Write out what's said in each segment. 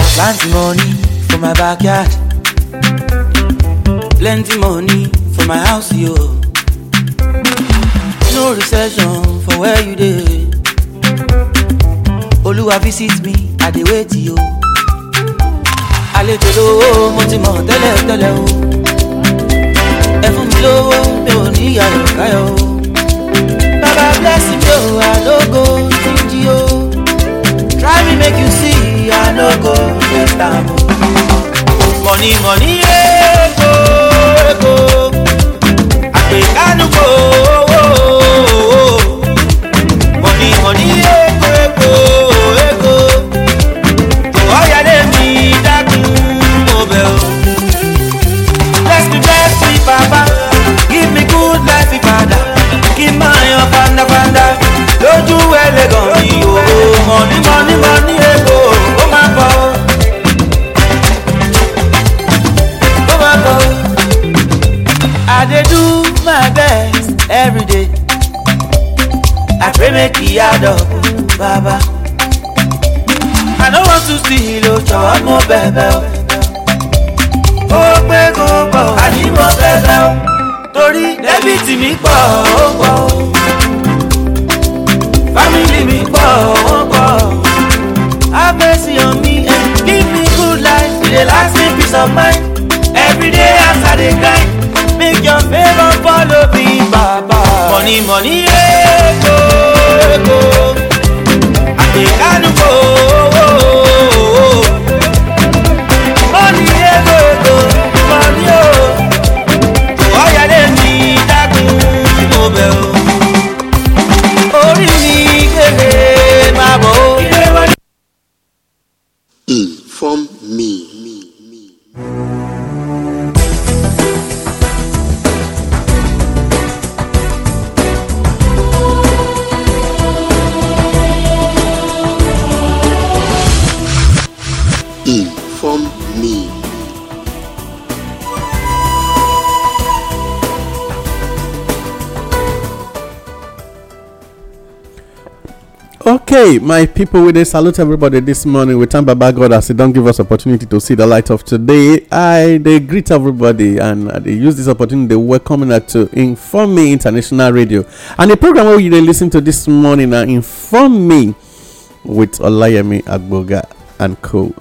father plenty money for my backyard plenty money for my house yo no recession for where you dey olúwa visit me i dey wait yo àlejò lówó mo ti mọ̀ tẹ́lẹ̀ tẹ́lẹ̀ o ẹ fún mi lówó mi ò ní ìyá ìrọ̀káyọ̀ o baba bless me o i no go. Try me make you see, I no go get am. Money, money, ego, eh, ego. Eh, Àgbékánu kò owó. Oh, oh, oh. Money, money, ego, eh, ego, ego. Ọ̀yàlé mi dákun mo bẹ̀ o. Bless me, bless me, Papa. Give me good life, Ìbàdàn. Kí n panda. yan fandafanda lójú ẹlẹ́gàn me, oh. Money, money, money. wey make e add up baba. I no want to see lo jọ̀wọ́ mo bẹ̀bẹ̀ o. Ó pé kó pọ̀ àní mo bẹ̀bẹ̀ o. Torí dẹ́bìtì mi pọ̀ ó pọ̀ o. Fámìlì mi pọ̀ ó pọ̀ o. Abẹ́sí on me and eh. give me good life. E last me peace of mind. Every day as I dey grind. Make your favour follow me, Baba. Money, money, yeah go. I can't go. Hey, my people, we salute everybody this morning. We thank Baba God as He don't give us opportunity to see the light of today. I they greet everybody and they use this opportunity. They welcome us to Inform Me International Radio and the program where you they listen to this morning. Now, Inform Me with Olayemi Agboga and Co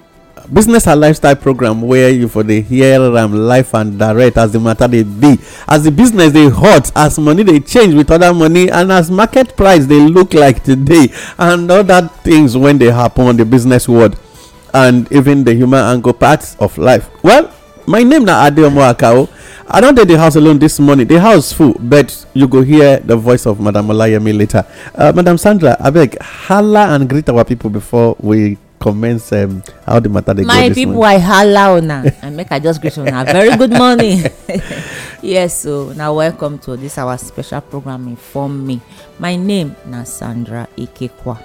business and lifestyle program where you for dey hear am um, life and direct as the matter they be as the business they hot as money they change with other money and as market price they look like today and other things when they happen on the business world and even the human angle parts of life well my name na adeomo akao i don't dey the house alone this morning the house full but you go hear the voice of madam olayemi later uh, madam sandra abeg hala and greet our people before we commence um, how the matter dey go this morning. my people i hala una and make i just greet una very good morning yes so na welcome to this our special program inform me my name na sandra ikekwa.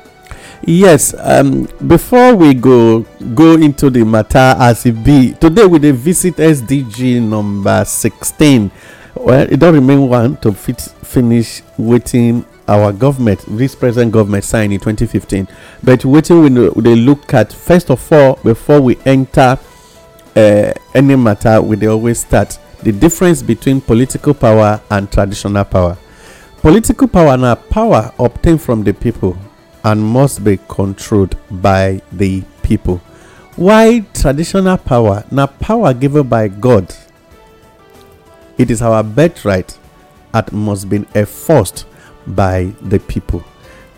yes um, before we go go into the matter as e be today we dey visit sdg number sixteen well e don remain one to fit finish wetin our government, this present government, signed in 2015. But waiting when they look at first of all, before we enter uh, any matter, we they always start the difference between political power and traditional power. Political power now power obtained from the people and must be controlled by the people. Why traditional power? Now power given by God. It is our birthright that must be enforced by the people.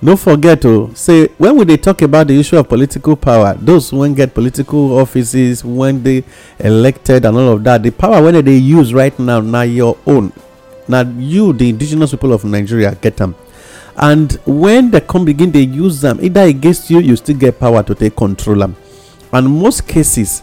no forget to oh, say when we they talk about the issue of political power those who get political offices when they elected and all of that the power when they use right now not your own not you the indigenous people of nigeria get them. and when they come begin they use them either against you you still get power to take control them. and most cases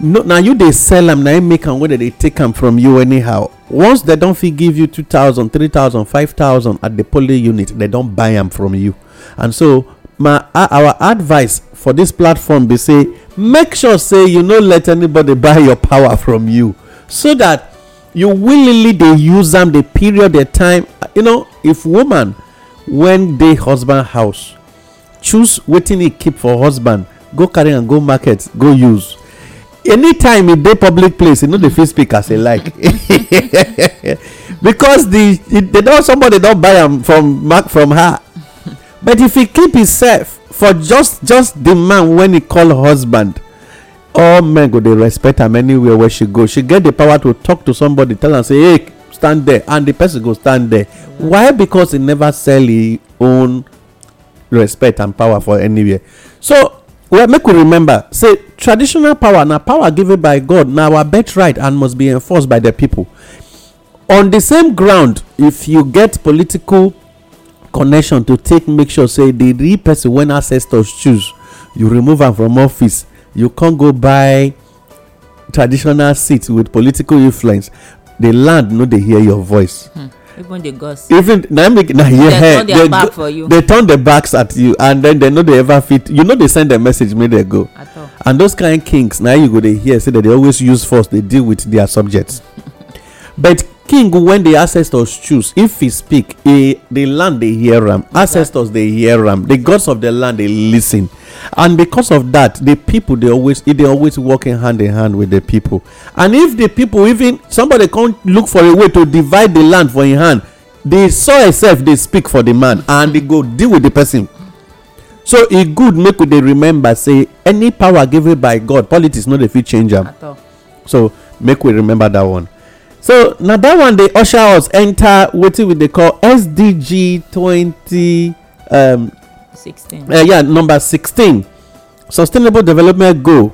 now you they sell them, now im make am whether they take them from you anyhow once they don't give you 2000 3000 5000 at the poly unit they don't buy them from you and so my our advice for this platform be say make sure say you no let anybody buy your power from you so that you willingly they use them. The period the time you know if woman when they husband house choose waiting e keep for husband go carry and go market go use anytime e dey public place e no dey fit speak as e like because the they don somebody don buy am from Mark from her but if he keep himself for just just the man when he call husband all men go dey respect am anywhere where she go she get the power to talk to somebody tell am say hey stand there and the person go stand there why because he never sell e own respect and power for anywhere so well make we remember say traditional power na power given by god na our birthright and must be enforced by the people on the same ground if you get political connection to take make sure say the real person when ancestors choose you remove am from office you con go buy traditional seat with political influence the land no dey hear your voice hmm even the gods even na im make na yeah they turn their back for you they turn their backs at you and then they no dey ever fit you no dey send dem message make dem go and those kind kings na you go dey hear say dem dey always use force dey deal with their subjects but king when the ancestors choose if he speak he the land they hear am ancestors they hear am The gods of the land dey listen and because of that, the people dey always e dey always in hand in hand with the people. and if the people even somebody come look for a way to divide the land for im hand di soil sef dey speak for the man and e go deal with the person so e good make we dey remember say any power given by god politics no dey fit change am so make we remember that one so na that one dey usher us enter wetin we dey call sdg 20 um, 16 uh, yeah number 16 sustainable development goal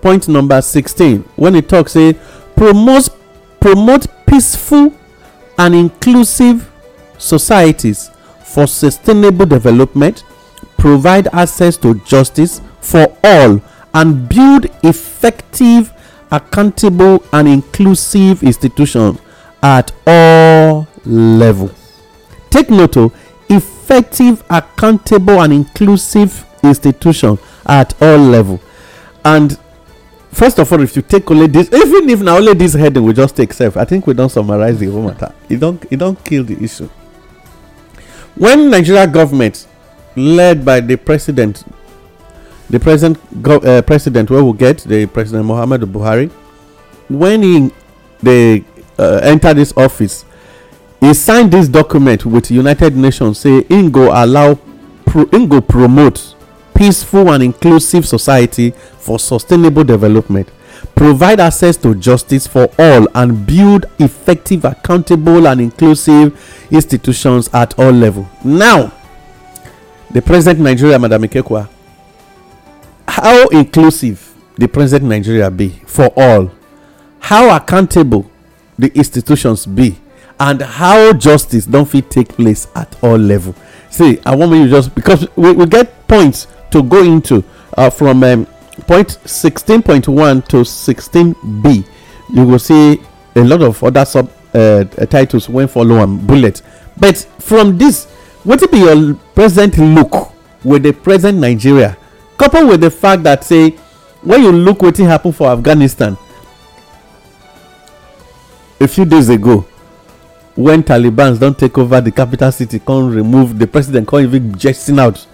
point number 16 when e talk say promote promote peaceful and inclusive societies for sustainable development provide access to justice for all and build effective accountable, and inclusive institutions at all levels. Take note of oh, effective, accountable, and inclusive institutions at all levels. And first of all, if you take only this, even if now only this heading we just take self, I think we don't summarize the whole matter. It don't it don't kill the issue. When Nigeria government, led by the president the present uh, president where we get the president Muhammad Buhari when he they uh, entered this office he signed this document with the United Nations say Ingo allow pro, Ingo promote peaceful and inclusive society for sustainable development provide access to justice for all and build effective accountable and inclusive institutions at all level now the president Nigeria Madam Ikekwa how inclusive the present nigeria be for all how accountable the institutions be and how justice don't fit take place at all level see i want you just because we, we get points to go into uh, from um, point 16.1 to 16b you will see a lot of other sub uh, uh titles when follow am bullet but from this wetin be your present look with the present nigeria coupled with the fact that say when you look what happened for afghanistan a few days ago when taliban don take over the capital city come remove the president come even jetson out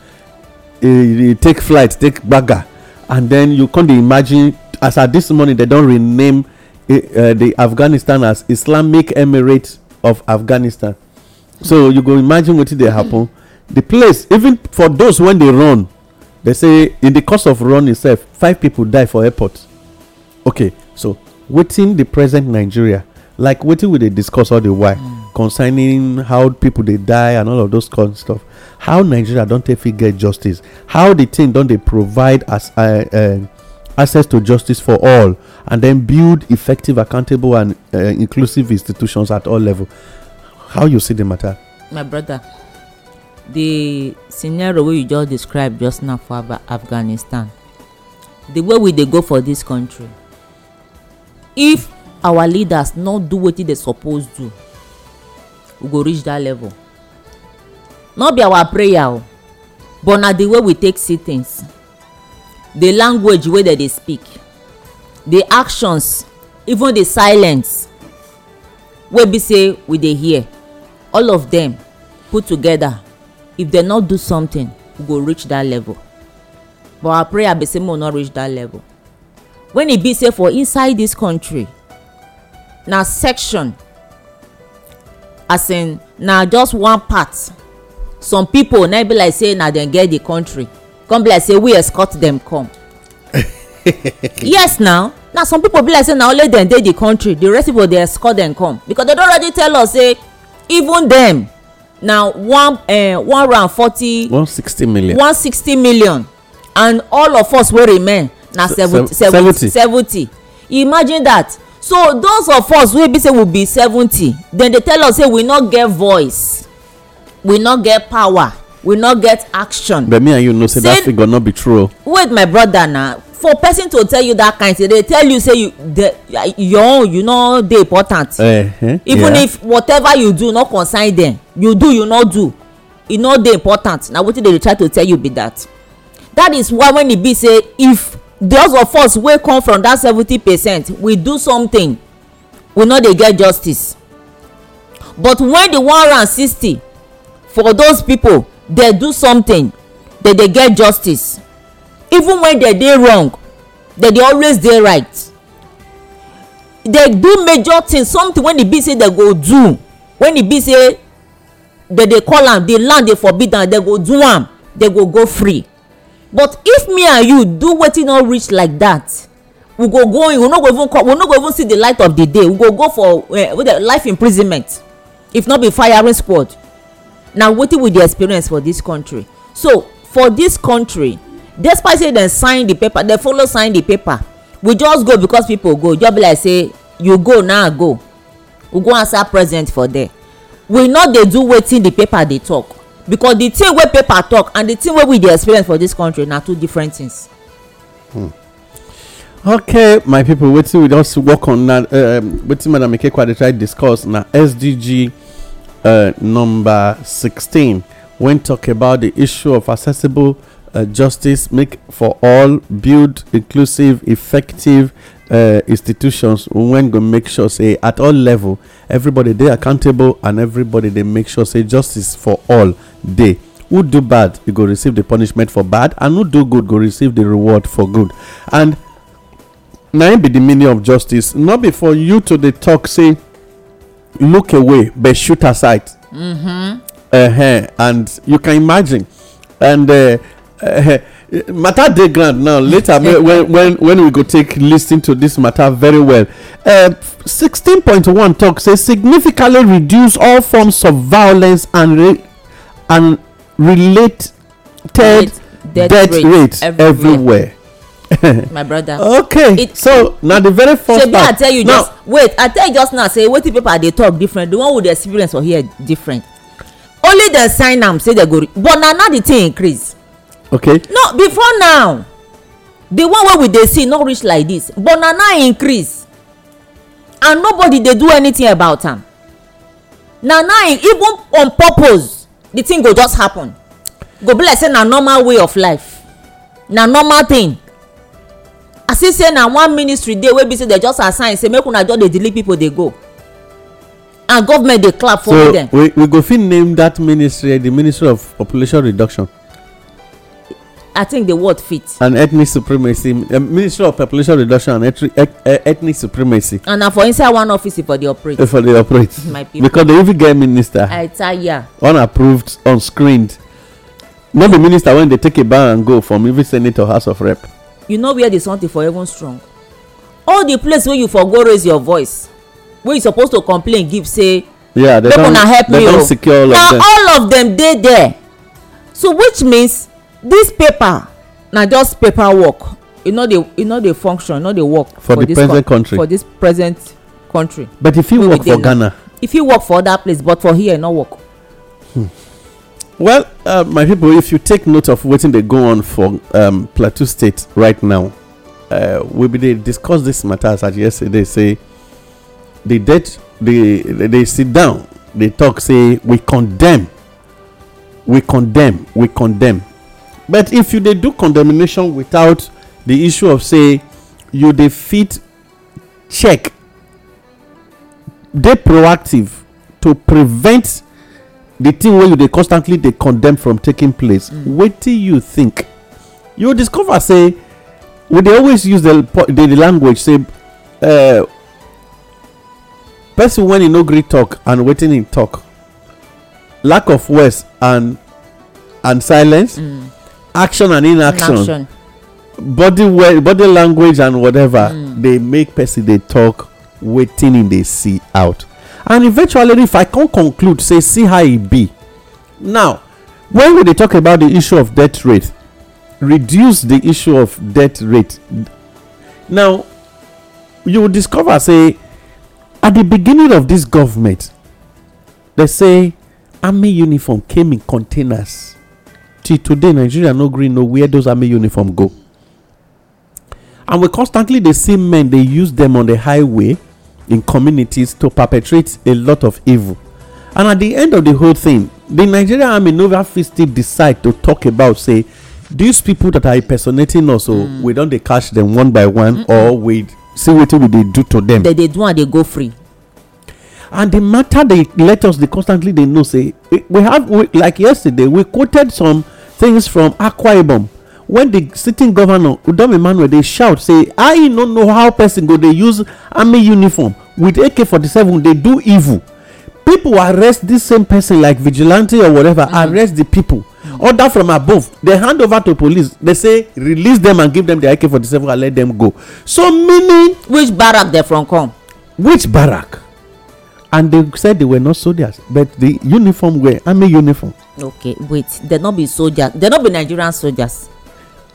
e take flight take gbaga and then you come dey imagine as at this morning they don rename eh, eh, the afghanistan as islamic emirate of afghanistan so you go imagine wetin dey happen The place even for those wey dey run they say in the course of run itself five people die for airport okay so within the present nigeria like wetin we dey discuss all the while mm. concerning how people dey die and all of those kind of stuff how nigeria don take fit get justice how the thing don dey provide as uh, uh, access to justice for all and then build effective accountable and uh, inclusive institutions at all level how you see the matter. my brother the scenario wey you just describe just now for Ab afghanistan the way we dey go for this country if our leaders no do wetin they suppose do we go reach that level no be our prayer o but na the way we take see things the language wey dem dey speak the actions even the silence wey be say we dey hear all of them put together if dem no do something we go reach that level but our prayer be say make we no reach that level when e be say for inside this country na section as in na just one part some people na e be like say na dem get the country come be like say we escort dem come yes now na some people be like say na only dem dey the country the rest people dey escort dem come because dem don already tell us say even dem na one uh, one round forty. one sixty million. one sixty million and all of us wey remain na seventy seventy imagine that so those of us wey be say we be seventy dem dey tell us say we no get voice we no get power we no get action. but me and you know say, say that figure no be true oh. wait my brother na for person to tell you that kind thing they tell you say you the your own you no dey important uh, uh, even yeah. if whatever you do no concern them you do you no do e no dey important na wetin dey try to tell you be that that is why when e be say if those of us wey come from that seventy percent we do something we no dey get justice but when the one round sixty for those people dey do something they dey get justice even when they dey wrong they dey always dey right They do major things, something when e be say they go do when e be say dem dey call am the land dey forbid am they go do am they go go free but if me and you do wetin no reach like that we go go in we no go even come we no go even see the light of the day we go go for uh, life imprisonment if not be firing squad na wetin we dey experience for this country so for this country despite say dem sign the paper dem follow sign the paper we just go because people go just be like say you go now go we go answer present for there we no dey do wetin the paper dey talk because the thing wey paper talk and the thing wey we dey experience for this country na two different things. Hmm. okay my people wetin we just work on na um, wetin madam ikekwa dey try discuss na sdg uh, number sixteen when talk about the issue of accessible Uh, justice, make for all, build inclusive, effective uh, institutions when we make sure say at all level everybody they accountable and everybody they make sure say justice for all They who do bad you go receive the punishment for bad and who do good go receive the reward for good and now be the meaning of justice not be for you to the talk say look away but shoot aside uh-huh, and you can imagine and uh, Eh, matter dey grand. now later when when when we go take listen to this matter very well eh, sixteen point one tok say significantly reduce all forms of violence and and related death death rates everywhere. my brother okay so now the very first part shebi i tell you just wait i tell you just now say wetin paper they talk different the one with the experience or here different only dem sign am say they go but now, now the thing increase okay no before now the one wey we dey see no reach like this but na now increase and nobody dey do anything about am na now even on purpose the thing go just happen go be like say na normal way of life na normal thing I see say na one ministry dey wey be say dem just assign say make una just dey delete people dey go and government dey clap for so them. so we we go fit name that ministry the ministry of population reduction i think the word fits. and ethnic supremacy um, ministry of population reduction and ethnic, e-, e-, ethnic supremacy. and now for inside one office for the operate. for the operate my people because they even get minister. i tell tire. unapproved unscreened Not the minister when they take a bow and go from every senator house of rep. you know where the something for everyone strong all the place where you for go raise your voice where you supposed to complain give say. yeah they don they don't oh. secure all of them. na all of them dey there so which means this paper na just paper work e no dey e no dey function e no dey work for, for the present country for this present country but e fit work for ghana e fit work for other place but for here e no work. Hmm. well uh, my people if you take note of wetin dey go on for um, plateau state right now uh, we bin dey discuss this matter as at yesterday say the death they they sit down they talk say we condemn we condemn we condemn but if you dey do condemnation without the issue of say you dey fit check dey proactive to prevent the thing wey you dey constantly dey condemn from taking place mm. wetin you think you discover say we dey always use the the language say eh, person when e no gree talk and wetin e talk lack of words and and silence mm. action and inaction body body language and whatever mm. they make person they talk waiting in they see out and eventually if i can conclude say see how it be now when we they talk about the issue of death rate reduce the issue of death rate now you will discover say at the beginning of this government they say army uniform came in containers till today nigeria no gree know where those army uniform go and we constantly dey see men dey use dem on the highway in communities to perpetrate a lot of evil and at the end of the whole thing the nigerian army nova fit still decide to talk about say these people that are impersonating us o oh, mm. we don dey catch them one by one or we see wetin we dey do to them they dey do and they go free and the matter dey let us dey constantly dey know say we have like yesterday we quoted some things from akwa ibom wen di sitting governor udom emmanuel they shout say i no know how person go They use army uniform with ak-47 They do evil people arrest this same person like vigilante or whatever mm-hmm. arrest the di pipo order from above They hand over to police They say release them and give them the ak-47 and let them go so meaning which barrack they from come which barrack and they said they were not soldiers but the uniform were army uniform. okay wait they no be soldiers they no be nigerian soldiers.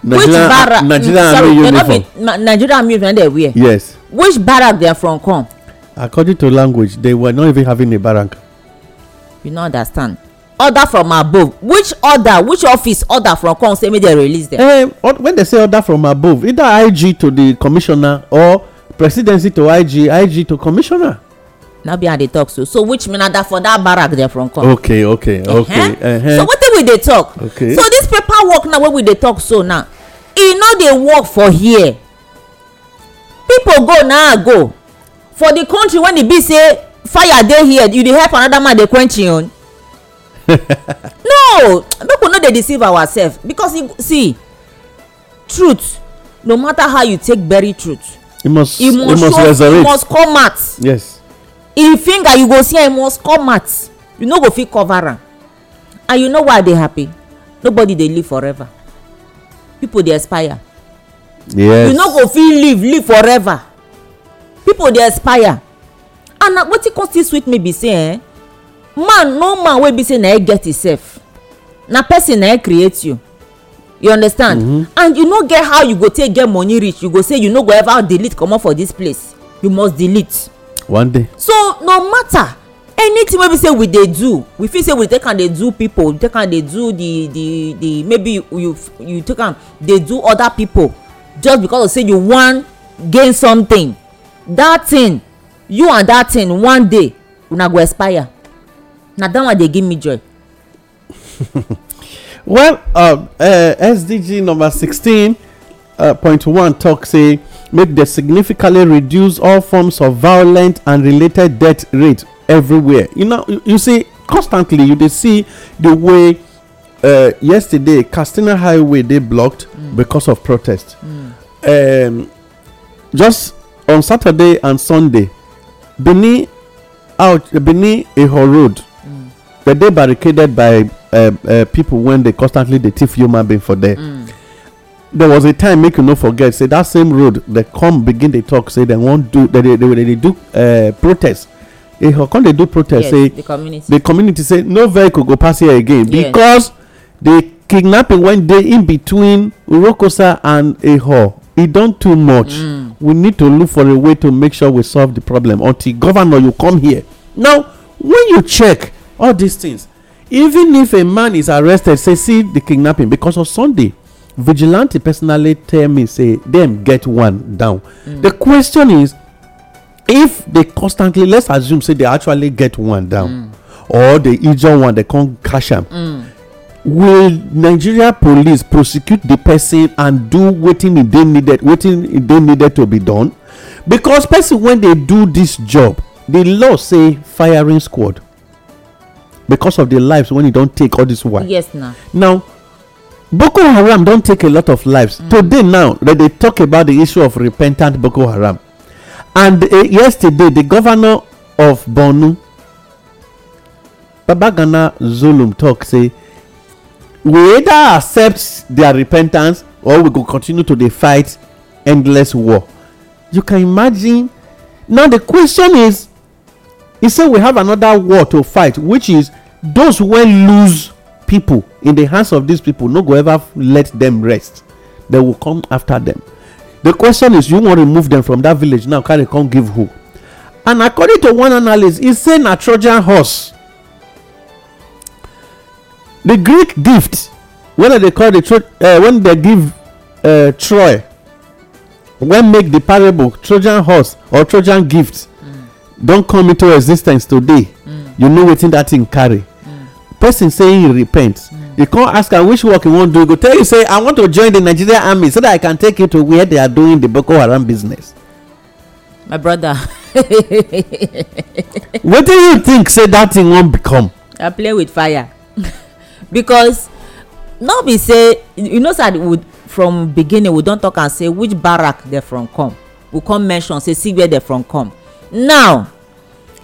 nigerian barra nigerian mm, army uniform sorry they nigerian army uniform they wear. yes. which barrack they from come. according to language they were not even having a barrack. you no understand order from above which order which office order from come say make they release them. Uh, when they say order from above either ig to the commissioner or presidency to ig ig to commissioner na be i dey talk so so which mean na for that barrack dem from come. okay okay uh-huh. okay uh-huh. so wetin we dey talk. okay so this paper work now wey we dey talk so now e no dey work for here people go now go for the country when e be say fire dey here you dey help another man dey quench im own no make we no dey deceive ourselves because e see truth no matter how you take bury truth e must e must, must show e must come out yes im finger you go see am must come out you no go fit cover am and you know why i dey happy nobody dey live forever people dey expire yes you no go fit live live forever people dey expire and na wetin come still sweet me be say eh man no man wey be say na e get himself na person na e create you you understand mm -hmm. and you no get how you go take get money reach you go say you no go ever delete comot for this place you must delete one day so no matter anything wey be say we dey do we feel say we take am dey do people we take am dey do the the the maybe you you take am dey do other people just because of say you wan gain something that thing you and that thing one day una go expire na that one dey give me joy. well um, uh, eh, sdg number sixteen. Uh, point one tok say make dem significantly reduce all forms of violent and related death rate everywhere you know you see constantly you dey see the way uh, yesterday katsina highway dey blocked mm. because of protest mm. um, just on saturday and sunday benin out benin iho road dem mm. dey barricaded by uh, people wen dey constantly dey thief human being for there there was a time make you no forget say that same road they come begin dey talk say they wan do they dey eh, do protest eh come dey do protest say the community The community say no vehicle go pass here again because the kidnapping wey dey in between urokosa and eho e don too much mm. we need to look for a way to make sure we solve the problem until governor you come here now when you check all these things even if a man is arrested say see the kidnapping because of sunday vigilante personally tell me say dem get one down mm. the question is if they constantly let's assume say they actually get one down mm. or the injure one they come catch am mm. will nigeria police prosecute the person and do wetin e dey needed wetin e dey needed to be done because person wey dey do this job the law say firing squad because of di lives wey e don take all this while yes now boko haram don take a lot of lives mm. today now dem dey talk about the issue of repentant boko haram and eh, yesterday the governor of borno babagana zulum talk say we either accept their repentance or we go continue to dey fight endless war you can imagine now the question is he say we have another war to fight which is those wey lose people in the hands of these people no go ever let them rest they will come after them the question is you wan remove them from that village now carry come give who and according to one analyst e say na trojan horse the greek gift wey dem dey call the tro uh, when dem give uh, troy when make the parable trojan horse or trojan gift mm. don come into existence today mm. you know wetin that thing carry person saying he repent mm. you can't ask am which work you wan do go tell you say i want to join the nigerian army so that i can take you to where they are doing the boko haram business my brother what do you think say that thing won't become i play with fire because no be say you know would from beginning we don't talk and say which barrack dem from come we come mention say see where dem from come now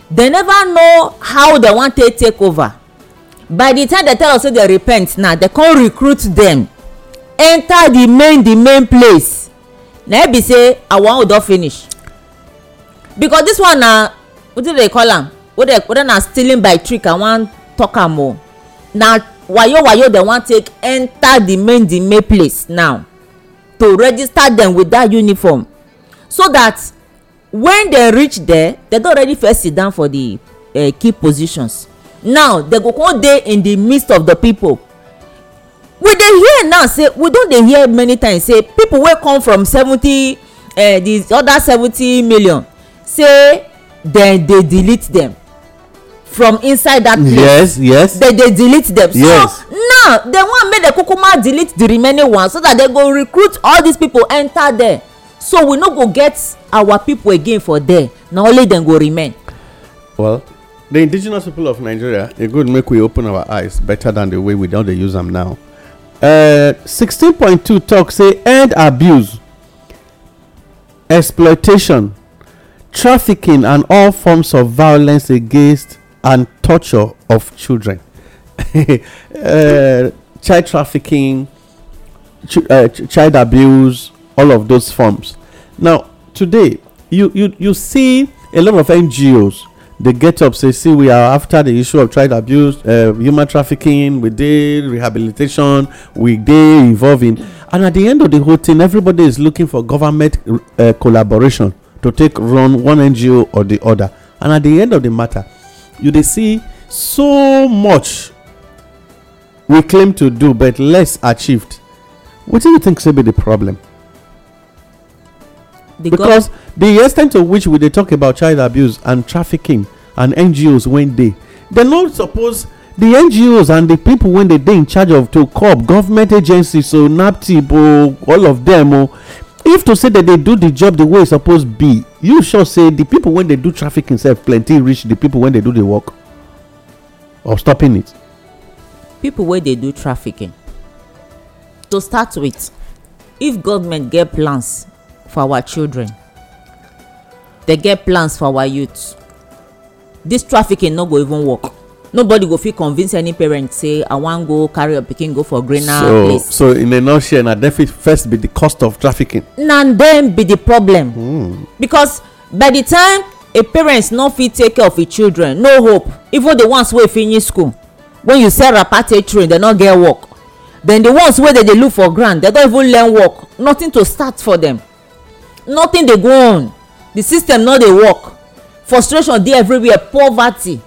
they never know how they wan take take over by the time they tell us say they repent now they come recruit them enter the main the main place na it e be say our own don finish because this one na wetin they call am whether whether na stealing by trick i wan talk am o na wayo wayo dem wan take enter the main the main place now to register dem with that uniform so that when dem reach there dem don already first sit down for the uh, key positions now dem go come dey in the midst of the people we dey hear now say we don dey hear many times say people wey come from seventy uh, the other seventy million say dem dey delete dem from inside that place yes yes dem dey delete dem yes. so now dem wan make dem kukuma delete the remaining ones so that dem go recruit all these people enter there so we no go get our people again for there na only dem go remain. well The indigenous people of Nigeria, it could make we open our eyes better than the way we don't use them now. Uh, 16.2 talk say end abuse, exploitation, trafficking, and all forms of violence against and torture of children. uh, child trafficking, ch- uh, ch- child abuse, all of those forms. Now, today, you, you, you see a lot of NGOs they get up say see we are after the issue of child abuse uh, human trafficking we did rehabilitation we did involving and at the end of the whole thing everybody is looking for government uh, collaboration to take run one ngo or the other and at the end of the matter you they see so much we claim to do but less achieved what do you think should be the problem because the extent to which we they talk about child abuse and trafficking and ngos when they, they not suppose the ngos and the people when they they in charge of to curb government agencies so naptip o all of them oh, if to say that they do the job the way e suppose be you sure say the people when they do trafficking sef plenty reach the people when they do the work of stopping it. people wey they do trafficking to start with if government get plans for our children dey get plans for our youth This trafficking no go even work nobody go fit convince any parent say i wan go carry your pikin go for greener place so in a nutshell na dem fit first be the cost of trafficking na dem be the problem hmm. because by the time a parent no fit take care of im children no hope even the ones wey finish school when you sell rapate train dem no get work then the ones wey dey dey look for ground dem don even learn work nothing to start for them nothing dey go on the system no dey work frustration dey everywhere poverty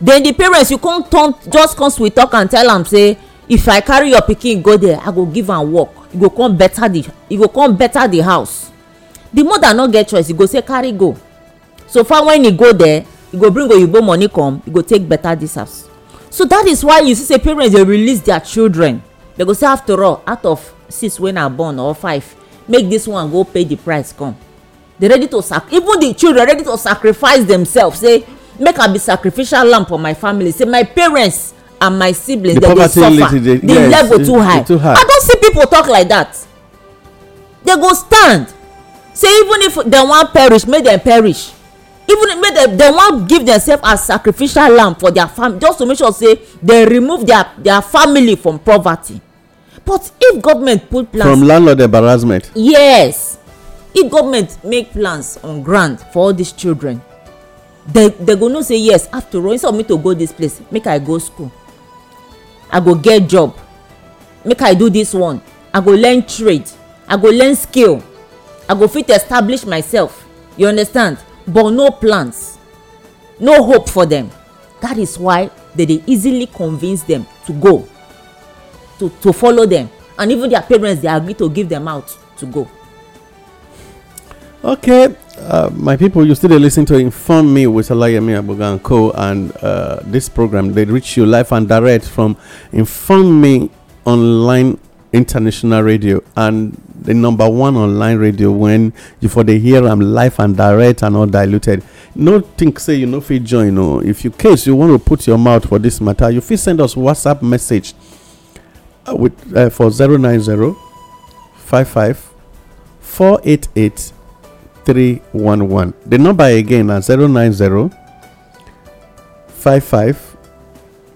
then the parents you come turn just come sweet talk and tell am say if i carry your pikin go there i go give am work e go come better the e go come better the house the mother no get choice e go say carry go so far when e go there e go bring oyibo money come e go take better this house so that is why you see say parents dey release their children they go say after all out of six wey na born or five make this one go pay the price come they ready to sac even the children ready to sacrifice themselves say make i be sacrificial lamb for my family say my parents and my siblings the dem dey suffer the yes, level too high. too high i don see people talk like that they go stand say even if dem wan perish make dem perish even if dem dem wan give themselves as sacrificial lamb for their family just to make sure say dem remove their their family from poverty but if government put plans. from landlord embarrassment. yes if government make plans on ground for all these children they they go know say yes after all instead of me to go this place make i go school i go get job make i do this one i go learn trade i go learn skill i go fit establish myself you understand but no plans no hope for them that is why they dey easily convince them to go to to follow them and even their parents they agree to give them out to go. okay uh, my people you still dey lis ten to inform me with alayemi Me and co and uh, this program dey reach you live and direct from inform me online international radio and the number one online radio when you for dey hear am live and direct and diluted. no think say you no fit join o oh. if you case you wan to put your mouth for this matter you fit send us whatsapp message uh, with uh, for 090 55 488 311. The number again is 090 55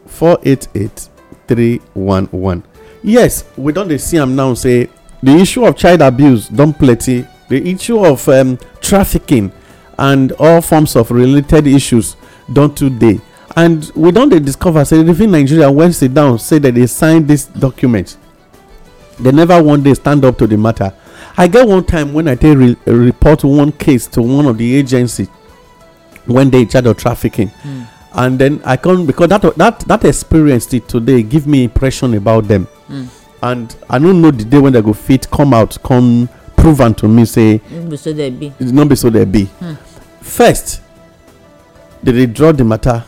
488 311. Yes, we don't see him now say the issue of child abuse, don't plenty, the issue of um, trafficking and all forms of related issues, don't today. and we don dey discover say even nigeria wen sit down say dem dey sign dis document dem never one day stand up to di matter i get one time wen i take report one case to one of di agency wen dey in charge of trafficking hmm. and then i come because that that that experience till today give me impression about them hmm. and i no know the day when dem go fit come out come prove am to me say no be so there be be so there be hmm. first they dey draw the matter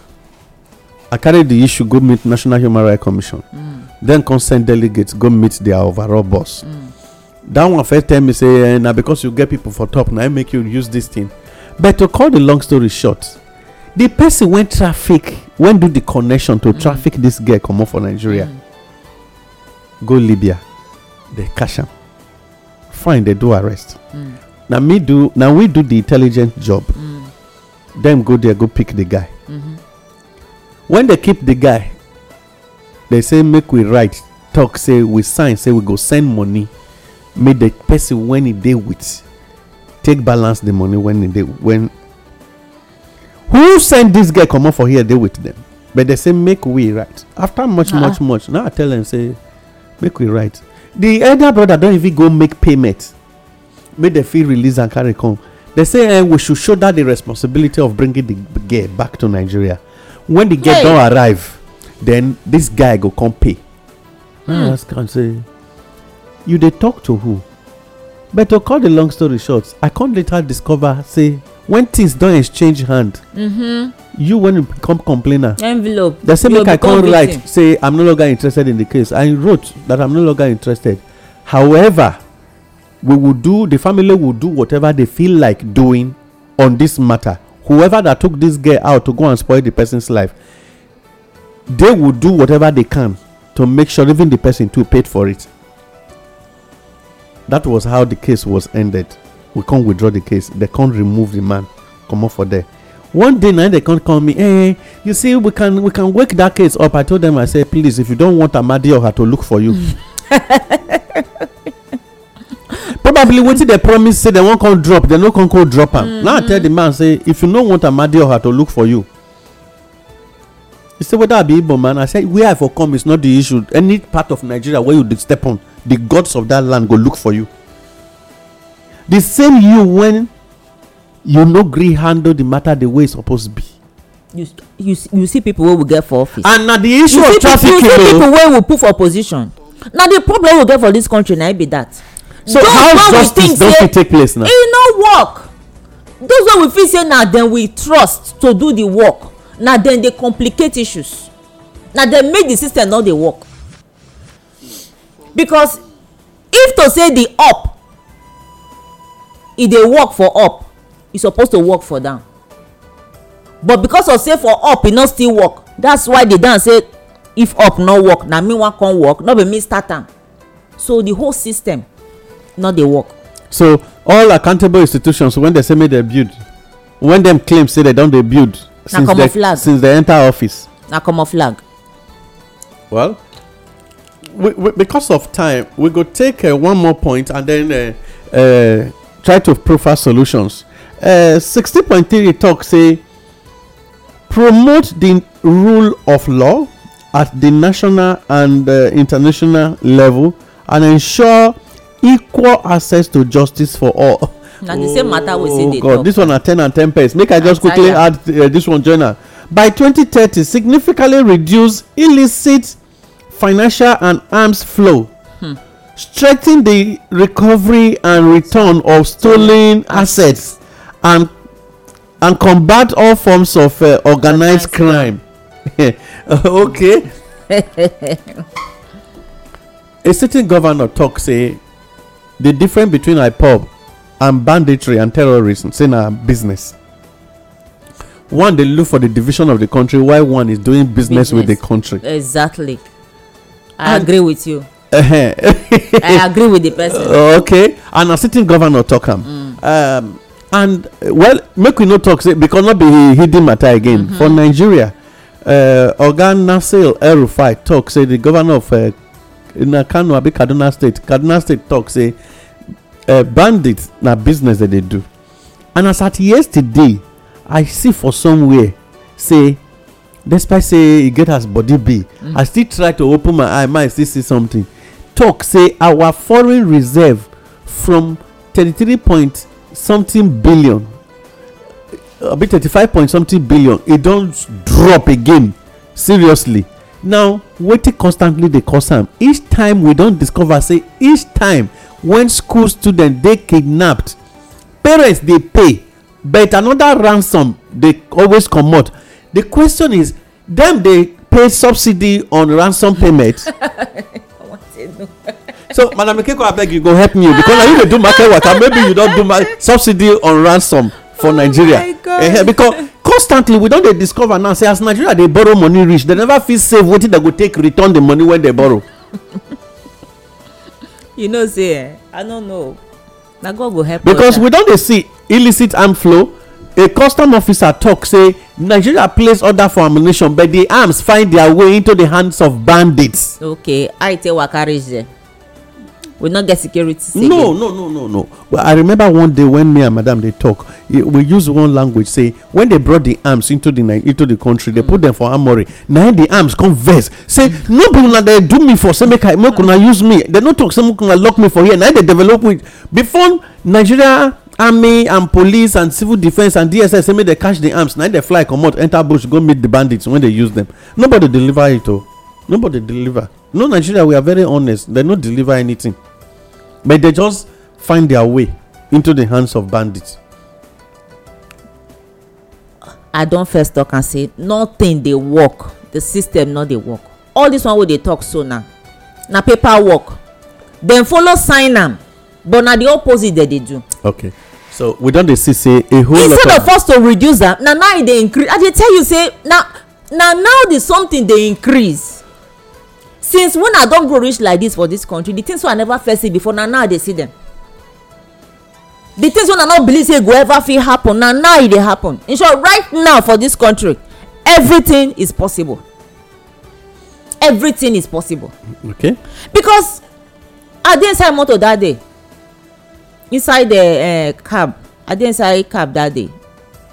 I carried the issue go meet National Human Rights Commission. Mm. Then consent delegates go meet their overall boss. Mm. That one first tell me say eh, now because you get people for top now I make you use this thing. But to call the long story short, the person went traffic when do the connection to mm. traffic this girl come off for Nigeria. Mm. Go Libya, they catch him. Fine, they do arrest. Mm. Now me do now we do the intelligent job. Mm. Them go there go pick the guy. When they keep the guy they say make we write talk say we sign say we go send money make the person when e dey with take balance the money when e dey when who send this guy comot for here dey with them, but they say make we write after much ah. much much now i tell them say make we write The elder brother don even go make payment make dem fit release and carry come They say eh, we should shoulder the responsibility of bringing the girl back to nigeria when the girl don arrive then this guy go come pay i ask am say you dey talk to who but to cut the long story short i come later discover say when things don't exchange hand mm-hmm. you when you become complainer envelope they say make i come write say i'm no longer interested in the case i wrote that i'm no longer interested however we will do the family will do whatever they feel like doing on this matter whoever that took this girl out to go and spoil the person's life they will do whatever they can to make sure even the person too paid for it that was how the case was ended we can't withdraw the case they can't remove the man come off for there one day now they can't call me hey eh, eh, you see we can we can wake that case up i told them i said please if you don't want amadi or her to look for you probably wetin dey promise say dem wan come drop dem no come go drop am mm-hmm. now i tell the man say if you no want amadi oha to look for you he say whether i be igbo man i say where i for come is not the issue any part of nigeria wey you dey step on the gods of that land go look for you the same you when you no gree handle the matter the way e suppose be you you you see people wey we get for office and na the issue of trafficking o you see people wey we put for position na the problem we get for this country na e be that so how justice don fit take place now e no work those wey we feel say na dem we trust to do the work na dem dey complicate issues na dem make the system no dey work because if to say the up e dey work for up e suppose to work for down but because of say for up e no still work that's why the down say if up no work na me wan come work no be me start am so the whole system not dey work. so all accountable institutions when dem say make dem build when dem claim say dem don dey build since dem enter office na common flag well because of time we go take uh, one more point and then uh, uh, try to profile solutions Sixty point three talk say promote di rule of law at di national and international level and ensure equal access to justice for all na the same matter we say oh, dey talk oh god this one na ten and ten pence make i just quickly add uh, this one join am by thirty, significantly reduce illicit financial and arms flow hmm. strengthen the recovery and return of stolen hmm. assets and and combat all forms of uh, organized crime okay a certain governor talk say the difference between ipob and banditry and terrorism say na business one dey look for the division of the country while one is doing business, business. with the country. exactly i and, agree with you. Uh-huh. i agree with the person. okay and na sitting governor talk am. Mm. Um, and well make we no talk say because no be hidden matter again mm-hmm. for nigeria uh, oga nasir el-rufai talk say the governor of uh, na kano abi kaduna state kaduna state tok say eh, bandit na business dem dey do and as at yesterday i see for somewhere say despite say e get as body be mm. i still try to open my eye mind still see something Talk say our foreign reserve from thirty-three point something billion abi five point something billion e don drop again seriously now wetin constantly dey cause am each time we don discover say each time when school students dey kidnapped parents dey pay but another ransom dey always comot the question is dem dey pay subsidy on ransom payment so madam ikeko abeg you go help me because na you dey do market waka maybe you don do subsidy on ransom for oh nigeria because constantly we don dey discover now say as nigeria dey borrow money reach dem never fit save wetin dem go take return the money wey dem borrow. you know say eh i no know na god go help us. because ah. we don dey see illicit arm flow a custom officer talk say nigeria place order for ammunition but di arms find dia way into di hands of bandits. okay i tell waka reach there we no get security say no no no no no well, i remember one day when me and madam dey talk eh, we use one language say when they brought the arms into the into the country they put them for armory Now the arms come vex say no be una dey do me for say make i make una use me They no talk say make una lock me for here Now they develop with before nigeria army and police and civil defence and dss say make they catch the arms Now they fly comot enter bush go meet the bandits when they use them nobody deliver it o. Oh nobody deliver no nigeria we are very honest They no deliver anything but they just find their way into the hands of bandits i don first talk am say nothing dey work the system no dey work all this one wey dey talk so now na paper work dem follow sign am but na the opposite dem dey do. okay so we don dey see say a whole instead lot of. instead of us to reduce am na now e dey increase i dey tell you say na na now the something dey increase since when i don grow reach like this for this country the things wey never first see before na now i dey see them the things wey i no believe say go ever fit happen na now e dey happen in short right now for this country everything is possible everything is possible. okay. because i dey inside motor that day inside the uh, cab i dey inside cab that day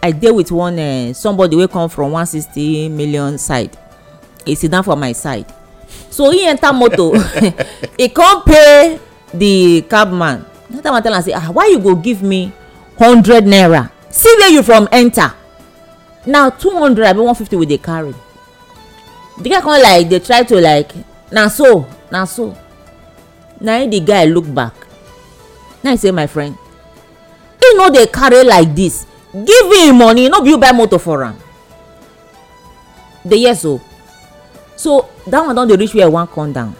i dey with one uh, somebody wey come from one sixty million side he sit down for my side so he enter motor he come pay the cabman that man tell am say ah why you go give me hundred naira see where you from enter now two hundred abi one fifty we dey carry the guy come like dey try to like na so na so na him the guy look back na him say my friend he no dey carry like this give him money no be you buy motor for am The hear so so that one don dey reach where i wan come down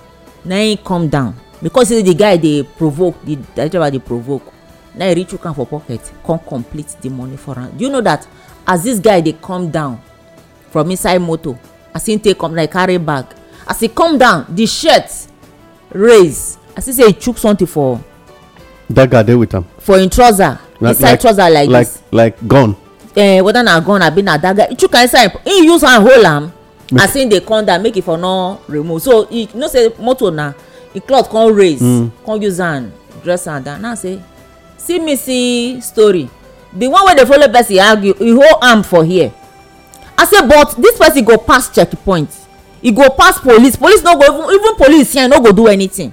na him come down because say the guy dey provoke the director dey provoke na he reach hook am for pocket come complete the money for am do you know that as this guy dey come down from inside motor as him take come like carry bag as he come down the shirt raise i see say he chook something for. Dagger guy dey with am. for him trouser. Like, inside like, trouser like, like this. like like gun. Uh, whether na gun abi na dagger he chook am inside he use hand hold am as im dey come down make e for no remove so e know say motor na e cloth come raise mm. come use am dress am down now say see me see story the one wey dey follow person argue e hold arm for here i say but this person go pass checkpoint e go pass police police no go even even police here no go do anything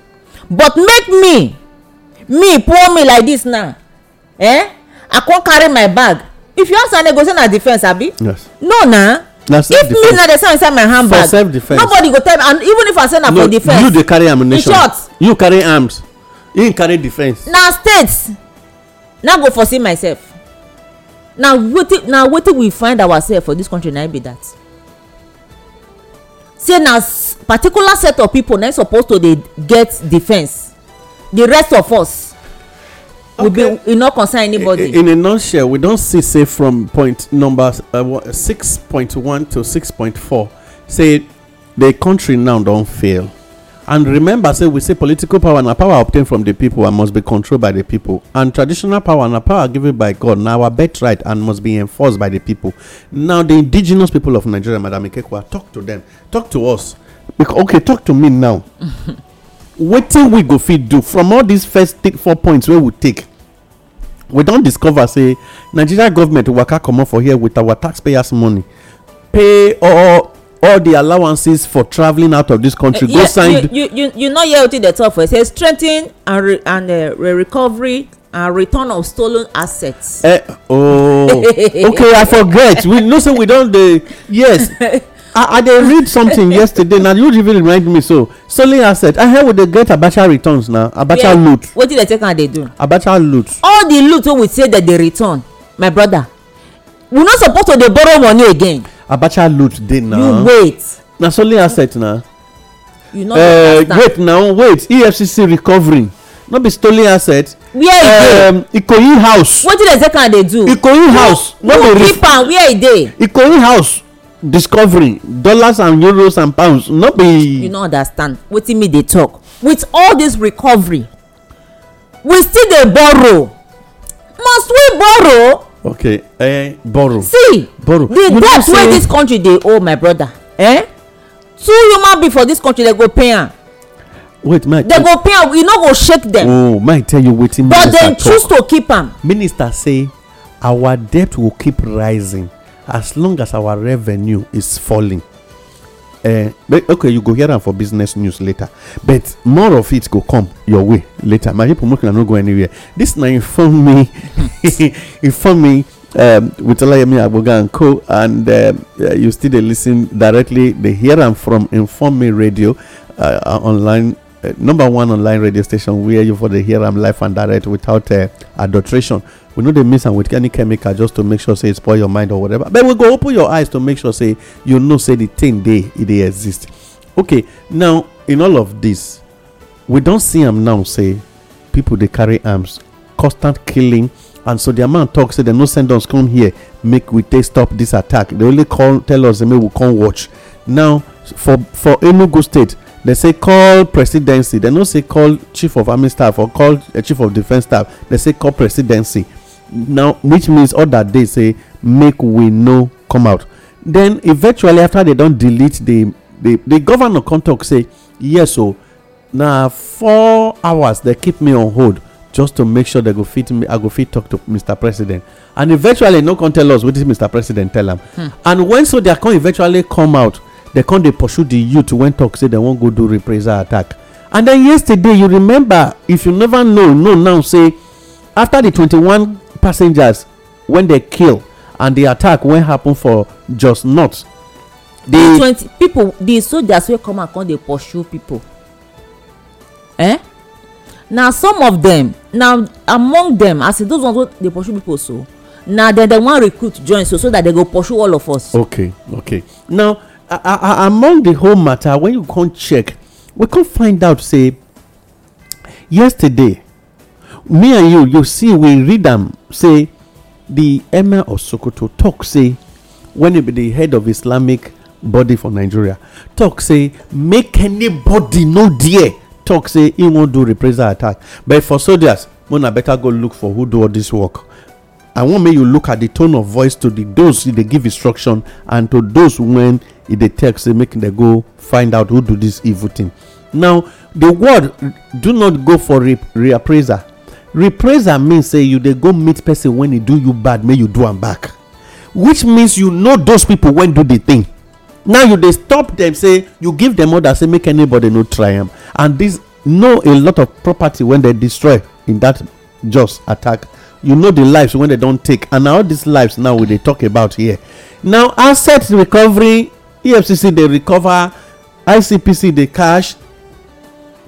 but make me me poor me like this now eh i come carry my bag if you ask am they go say na defence abi yes no na na if me na dey sell inside my handbag for self defence nobody go tell me and even if i say na for defense, no, you dey carry ammunition In short, you carry arms him carry defense. na states, na go foresee myself na wetin na wetin we find ourselves for this country na be that say na particular set of people. na suppose to dey get defense. the rest of us We be will not concern anybody. In a nutshell, we don't see say from point number uh, six point one to six point four say the country now don't fail. And remember, say we say political power and power obtained from the people and must be controlled by the people. And traditional power and power given by God now bet right and must be enforced by the people. Now the indigenous people of Nigeria, Madam Ikekwa, talk to them, talk to us. Okay, talk to me now. wetin we go feed do from all these first four points where we take we don discover say nigeria government waka comot for here with our taxpayers money pay all all the allowances for travelling out of this country go sign you you you know hear wetin dey talk for say strengthen and and uh, recovery and return of stolen assets eh oh okay i forget we know say we don dey yes i dey read something yesterday Now you even remind me so solely asset i heard they dey get abacha returns na abacha loot wetin dem take am they do abacha loot all the loot wey we say that they return my brother we not supposed to dey borrow money again abacha loot dey now. you wait Now solely asset now. you no understand eh, wait now wait efcc recovery no be stolen asset where e dey ikoyi house wetin dem take am dey do ikoyi house no be you keep am where e dey ikoyi house discovery dollars and euros and pounds no be. you no understand wetin me dey talk with all this recovery we still dey borrow must we borrow. okay eh, borrow. see borrow. the you debt wey this country dey owe my brother eh? two human being for this country dem go pay am. wait my. dem go pay am e no go shake dem. oh my tell you wetin minister talk but dem choose to keep am. minister say our debt go keep rising as long as our revenue is falling uh, okay you go hear and for business news later but more of it go come your way later my people make not no go anywhere this na inform me inform me um, with Olayemi Agboga and Co. And uh, you still they listen directly, they hear am from Inform Me Radio, uh, online uh, number one online radio station where you for the hear am live and direct without uh, adulteration. we no dey mix am with any chemical just to make sure say e spoil your mind or whatever but we go open your eyes to make sure say you know say the thing dey e dey exist okay now in all of this we don see am now say people dey carry arms constant killing and so dia man tok say dem no send us come here make we take stop this attack They only call tell us make we come watch now for for enugu state they say call presidency They no say call chief of army staff or call eh, chief of defence staff They say call presidency now which means all that they say make we no come out then eventually after they don't delete the the the governor come talk say yes so oh, now four hours they keep me on hold just to make sure they go fit me i go fit talk to mr president and eventually no come tell us wetin mr president tell am hmm. and when so they come eventually come out they come they pursue the youth when talk say they won't go do reprisal attack and then yesterday you remember if you never know know now say after the twenty-one passengers when they kill and the attack wey happen for just north di people. The soldiers wey come and come dey pursue people. eh na some of them. na among dem as those ones wey dey pursue people. so na dem dem wan recruit join so so that dem go pursue all of us okay okay now among the whole matter when you come check we come find out say yesterday me and you you see we read them. say the emir of sokoto talk. say when he be the head of islamic body for nigeria talk. say make anybody no dare Talk. say he wan do reprisal attack but for soldiers una better go look for who do all dis work i want make you look at the tone of voice to the those e dey give instruction and to those when e dey text say make they go find out who do this evil thing now the word do not go for reappraisal reprisal mean say you dey go meet person when e do you bad make you do am back which means you know those people wey do the thing now you dey stop them say you give them order say make anybody no try am and this know a lot of property wey dem destroy in that just attack you know the lives wey dem don take and all these lives now we dey talk about here now asset recovery efcc dey recover icpc dey cash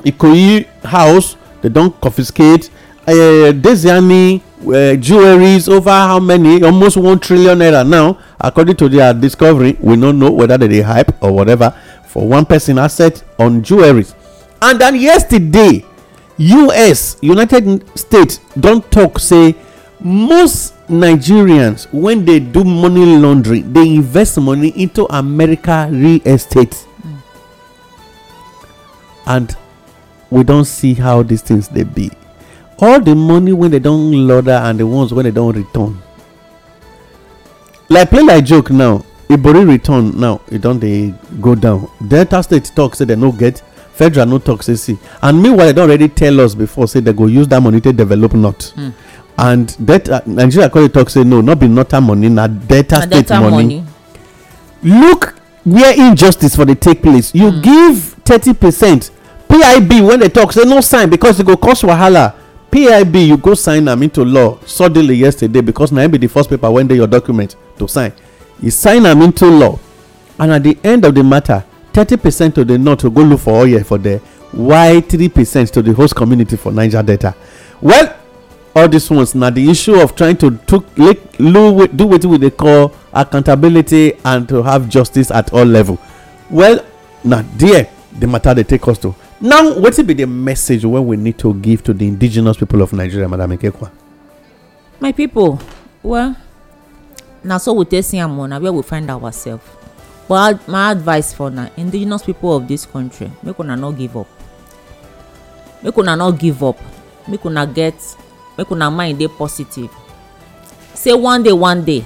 ikoyi house they don confiscate uh, eh, Desiani eh, jewelries over how many almost one trillion naira now according to their discovery we don't know whether they dey hype or whatever for one person asset on jewelries and then yesterday us united states don talk say most nigerians when they do money laundering they invest money into america real estate mm. and we don see how these things dey be all the money when they don't lauder and the ones when they don't return like play like joke now ibori return now It e don't they go down delta state tok say they no get federal no tok say see and meanwhile they don't already tell us before say they go use that money to develop north hmm. and delta uh, nigeria currently talk say no not be northern money na delta state money look where injustice for dey take place you hmm. give thirty percent pib when they talk say no sign because e go cost wahala pib you go sign am into law suddenly yesterday because na im be di first paper wey dey your document to sign e sign am into law and at the end of the matter thirty percent to di north go look for oil for there while three percent to the host community for niger delta well all dis ones na the issue of trying to took do wetin we dey call accountability and to have justice at all level well na there the matter dey take us to now what will be the message wey we need to give to the indigenous people of nigeria madam nkekwa my people, well na so we take see am o na where we find ourselves but my advice for na indigenous people of dis country make una no give up make una no give up make una get make una mind dey positive say one day one day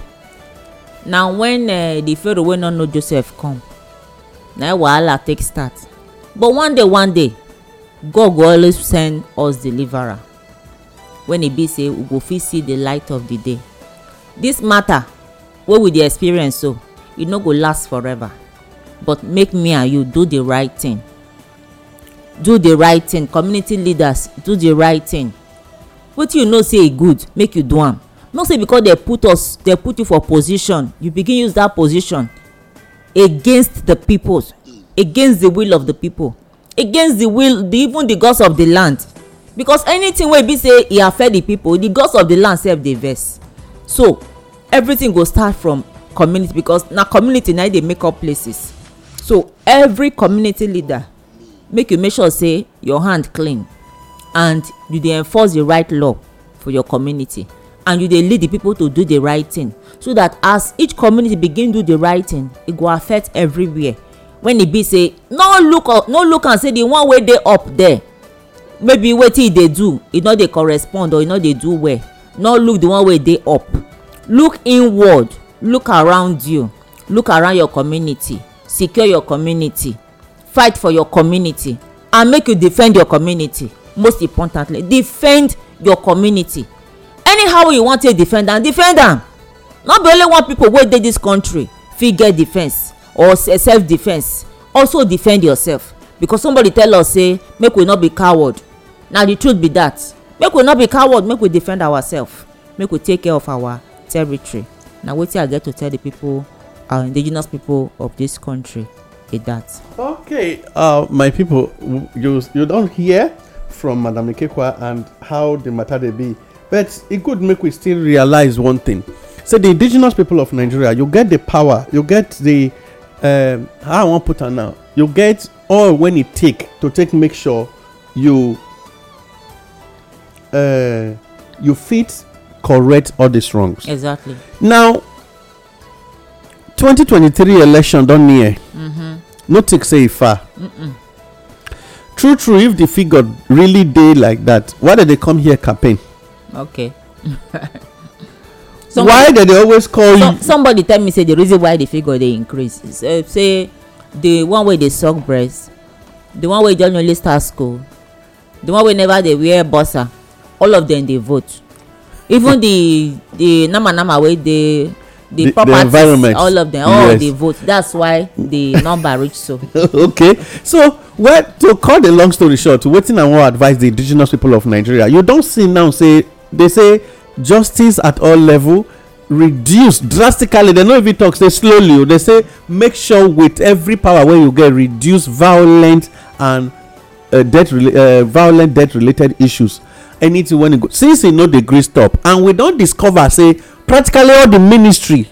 na wen eh, the pharaoh wey no know joseph come na e wahala take start but one day one day god go always send us deliverer when e be say we go fit see the light of the day this matter wey we dey experience so e no go last forever but make me and you do the right thing do the right thing community leaders do the right thing wetin you know say e good make you do am not say because dem put us dem put you for position you begin use that position against the peoples against the will of the people against the will the even the gods of the land because anything wey e be say e affect the people the gods of the land sef dey vex so everything go start from community because na community na e dey make up places so every community leader make you make sure say your hand clean and you dey enforce the right law for your community and you dey lead the people to do the right thing so that as each community begin do the right thing e go affect everywhere when e be say no look no look am say the one wey dey up there maybe wetin e dey do e no dey correspond or e no dey do well no look the one wey dey up look inward look around you look around your community secure your community fight for your community and make you defend your community most importantly defend your community anyhow you wan take defend am defend am no be only one people wey dey this country fit get defence or eh, self defence also defend yourself because somebody tell us say make we no be coward na the truth be that make we no be coward make we defend ourselves make we take care of our territory na wetin i get to tell the people our uh, indigenous people of this country be that. okay uh, my people you you don hear from madam nkekwa and how the matter dey be but e good make we still realize one thing say the indigenous people of nigeria you get the power you get the um, how i wan put her now you get all when e take to take make sure you uh, you fit correct all these wrongs. exactly. now 2023 election done near mm-hmm. no take say far true true if the figure really day like that why did they come here campaign okay why dem dey always call you somebody tell me say the reason why the figure dey increase is eh, say the one wey dey suck breast the one wey just only start school the one wey never dey wear bursa all of them dey vote even the the nama nama wey dey the, the properties all of them all yes. they vote that's why the number reach so. okay so well to cut the long story short wetin i wan advise the indigenous people of nigeria you don see now say they say justice at all level reduce drastically dem no even talk They slowly They say make sure with every power where you get reduce violent and uh, death uh, violent death related issues anything it go since you know the gree stop and we don't discover say practically all the ministry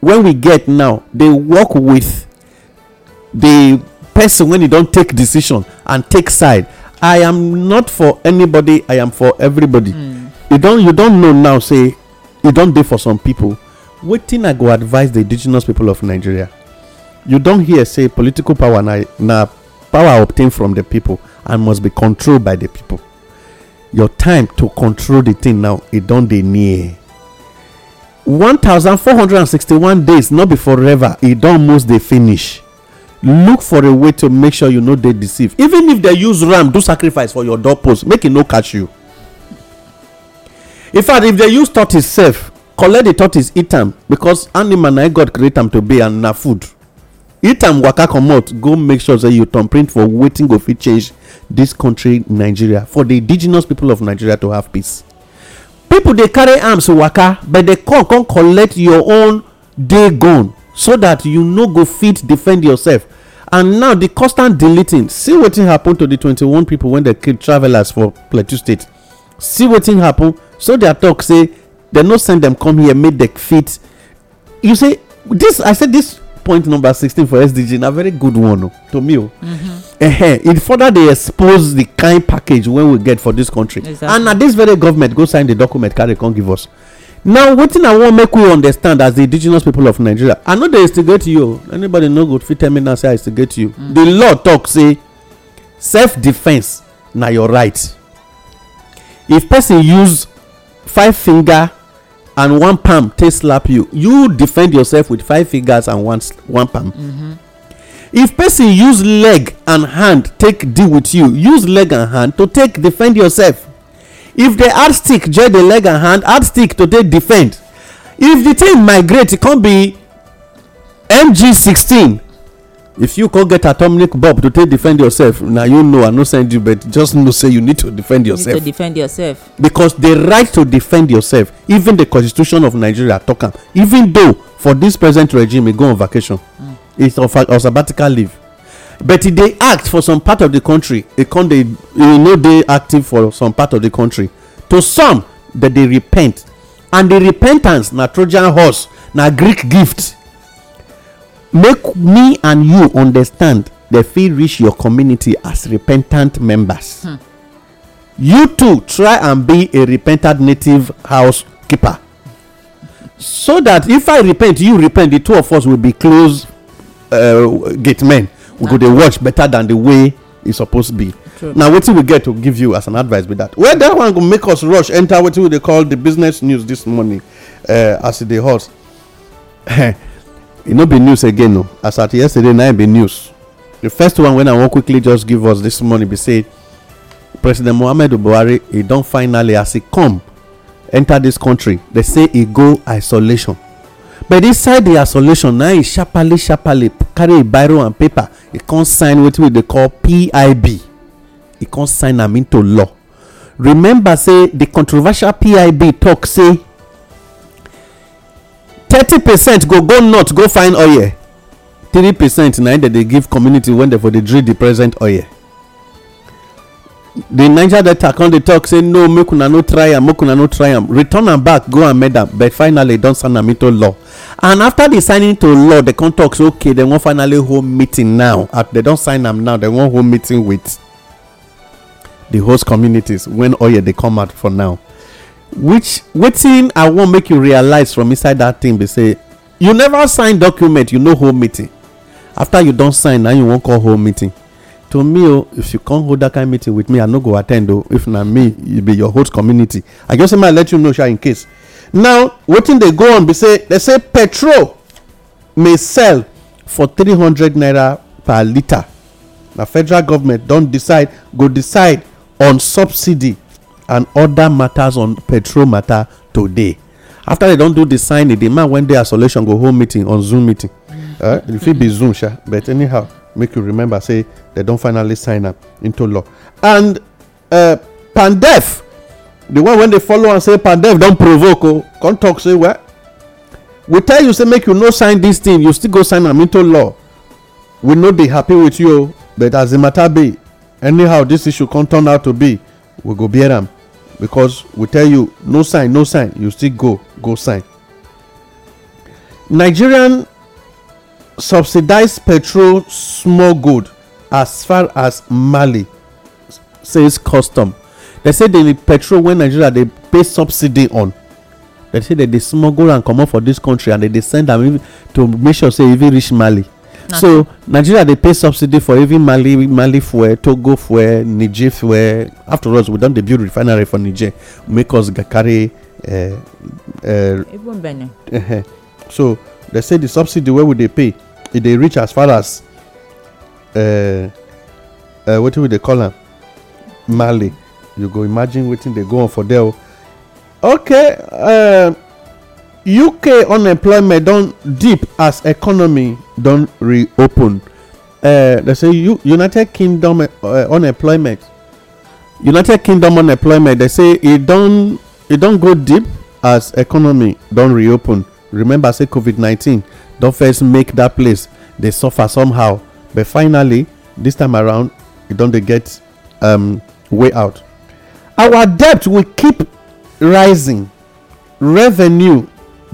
when we get now they work with the person when don't take decision and take side i am not for anybody i am for everybody. Mm. you don't you don't know now say e don't dey for some pipo wetin i go advise the indigenous people of nigeria you don hear say political power na power obtained from the people and must be controlled by the people. your time to control the thing now e don dey near One thousand four hundred sixty-one days not be forever e don almost dey finish look for a way to make sure you no dey deceive even if dem use ram do sacrifice for your doorpost make e no catch you in fact if they use tortoise sef collect the tortoise eat am because animal na god create am to be and na food eat am waka comot go make sure say you turn print for wetin go fit change dis country nigeria for the indigenous people of nigeria to have peace people dey carry arms waka but dey come come collect your own dey gone so that you no go fit defend yourself and now the constant deleting see wetin happen to the twenty-one people wey dey kill travellers for plateau state see wetin happen So soldier talk say they no send them come here make they fit you say this i said this point number 16 for sdg na very good one oh, to me o -huh. Mm-hmm. further they expose the kind package when we get for this country and at this very government go sign the document carry come give us now wetin i want make we understand as the indigenous people of nigeria i know they instigate you oh. anybody know good fit tell me now say i instigate you mm. The law tok say self defence now your right if person use five finger and one palm take slap you you defend yourself with five fingers and one one palm mm-hmm. if person use leg and hand take deal with you use leg and hand to take defend yourself if they add stick join the leg and hand add stick to take defend if the thing migrate e come be mg sixteen if you go get atomic bomb to take defend yourself na you know i no send you but just know say you need to defend yourself Need to defend yourself because the right to defend yourself even the constitution of nigeria talk am even though for this present regime e go on vacation mm. it's on sabbatical leave but e dey act for some part of the country e con dey e no dey active for some part of the country to some dem dey repent and the repentance na trojan horse na greek gift make me and you understand the fit reach your community as repentant members hmm. you too try and be a repentant native housekeeper so that if i repent you repent the two of us will be close uh, gate men we go ah. dey watch better than the way e suppose be Now, wetin we get to give you as an advice be that well that one go make us rush enter wetin we dey call the business news this morning uh, as e dey hot e no be news again o as at yesterday na be news the first one wey i wan quickly just give us this morning be say president muhammadu buhari e don finally as e come enter this country dey say e go isolation but inside the isolation na e sharparly sharparly carry a biro and paper e con sign wetin we dey call pib e con sign am into law remember say the controversial pib tok say thirty percent go go north go find oil three percent na dem dey give community when dem for dey drill the present oil the niger delta come dey talk say no make una no try am make una no try am return am back go and am but finally e don sign am into law and after di signing to law dem come talk say okay dem wan finally hold meeting now At they don sign am now dem wan hold meeting with di host communities wen oil dey come out for now which wetin i wan make you realize from inside that thing be say you never sign document you no hold meeting after you don sign na you wan call hold meeting to me o if you come hold that kind meeting with me i no go attend o if na me e be your host community i just say may let you know sha in case now wetin dey go on be say they say petrol may sell for three hundred naira per litre na federal government don decide go decide on subsidy and other matters on petrol matter today after they don do the signing the man wen dey isolation go hold meeting on zoom meeting e eh, fit be zoom sha but anyhow make you remember say they don finally sign am into law and eh, pandef the one wey dey follow am say pandef don provoke o oh, come talk say well we tell you say make you no sign this thing you still go sign am into law we no dey happy with you o oh, but as the matter be anyhow this issue come turn out to be we go bear am because we tell you no sign no sign you still go go sign nigerian subsidized petrol smuggled as far as mali says custom they say the petrol wey nigeria dey pay subsidy on they say they dey smuggle am comot for dis country and they dey send am to make sure say e even reach mali so nigeria they pay subsidy for even mali mali fuel togo fuel niger fuel after all we don the build refinery for niger make us carry eh, eh, eh, so they say the subsidy where would they pay If they reach as far as uh, uh, wetin we dey call them? mali you go imagine waiting. They go on for there okay uh, uk unemployment don deep as economy don reopen uh, they say united kingdom uh, unemployment united kingdom unemployment they say e don e don go deep as economy don reopen remember say covid-19 don first make that place dey suffer somehow but finally this time around e don dey get um, way out our debt will keep rising revenue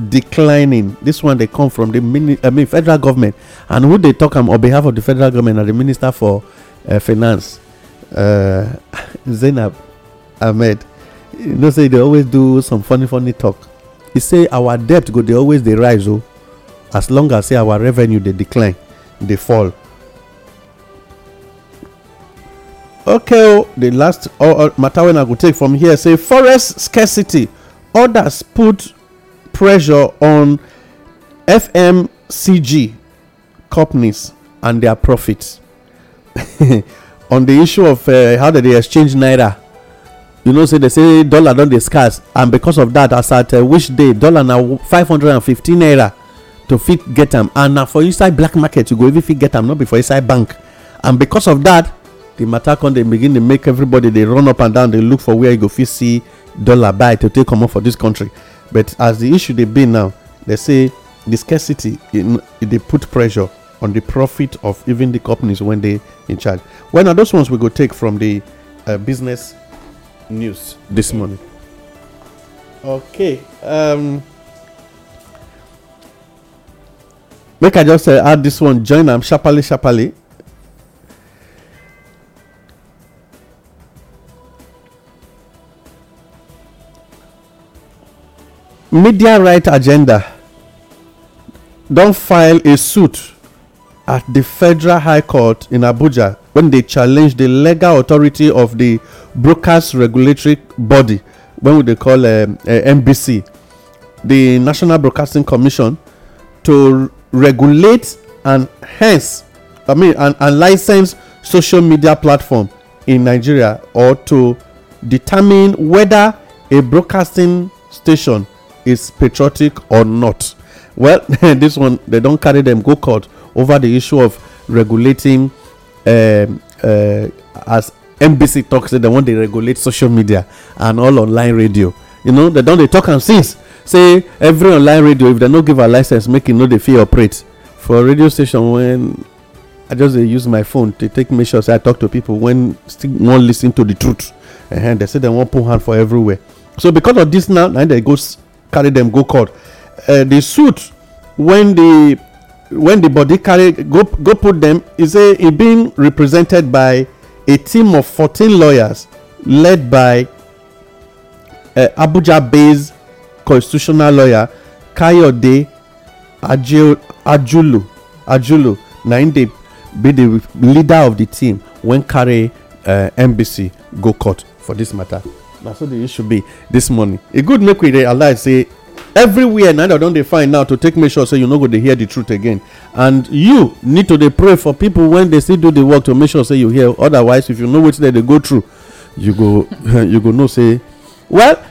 declining this one they come from the mini, I mean, federal government and who they talk on on behalf of the federal government na the minister for uh, finance uh, zainab ahmed you know say they always do some funny funny talk He say our debt go they always they rise Oh, as long as say our revenue they decline they fall okay oh, the last oh, oh, matter when i go take from here say forest scarcity others put pressure on FMCG companies and their profits. on the issue of uh, how did they exchange naira you know say they say dollar don't discuss, and because of that as at uh, which day dollar now five hundred and fifteen naira to fit get am and now for inside black market you go even fit get am no be inside bank and because of that the matter come they begin to make everybody they run up and down they look for where you go fit see dollar buy to take comot for this country But as the issue they be now, they say the scarcity in, they put pressure on the profit of even the companies when they in charge. When are those ones we go take from the uh, business news this morning? Okay. Um, make I just uh, add this one. Join them um, sharply, sharply. media right agenda don file a suit at di federal high court in abuja wen dey challenge di legal authority of di broadcast regulatory body wey we dey call um, uh, nbc di national broadcasting commission to regulate and hence i mean and and license social media platform in nigeria or to determine whether a broadcasting station is patriotic or not. Well, this one, they don't carry them go court over the issue of regulating, um, uh, as NBC talks, they want to regulate social media and all online radio. You know, they don't they talk and since say every online radio, if they don't give a license, make it no they fee operate. For radio station, when I just uh, use my phone to take make sure so I talk to people when still not listening to the truth. And they say they want pull hand for everywhere. So because of this now, now they go carry them go court uh, The suit when the when the body carry go go put them, is a e bin represented by a team of 14 lawyers led by uh, abuja based constitutional lawyer kayode ajulu ajulu na im dey be the leader of the team when carry uh, NBC go court for this matter na so the issue be this morning e good make we dey say everywhere na don dey find now to take make sure say you no go dey hear the truth again and you need to dey pray for people when dey still do the work to make sure say you hear otherwise if you know wetin dem dey go through you go you go know say well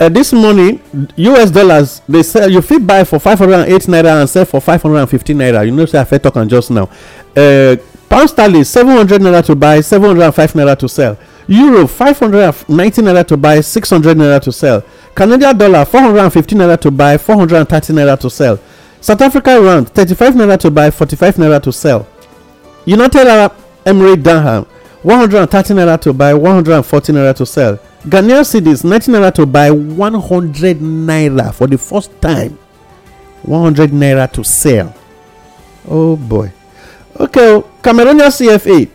uh, this morning us dollars dey sell you fit buy for five hundred and eight naira and sell for five hundred and fifteen naira you know say i fit talk am just now uh, pound sterling seven hundred naira to buy seven hundred and five naira to sell Euro 519 naira to buy, 600 naira to sell. Canadian dollar 415 naira to buy, 430 naira to sell. South Africa rand 35 naira to buy, 45 naira to sell. United Arab Emre dirham 130 naira to buy, 140 naira to sell. Ghanaian cedis 19 naira to buy, 100 naira for the first time. 100 naira to sell. Oh boy. Okay, Cameroonian CFA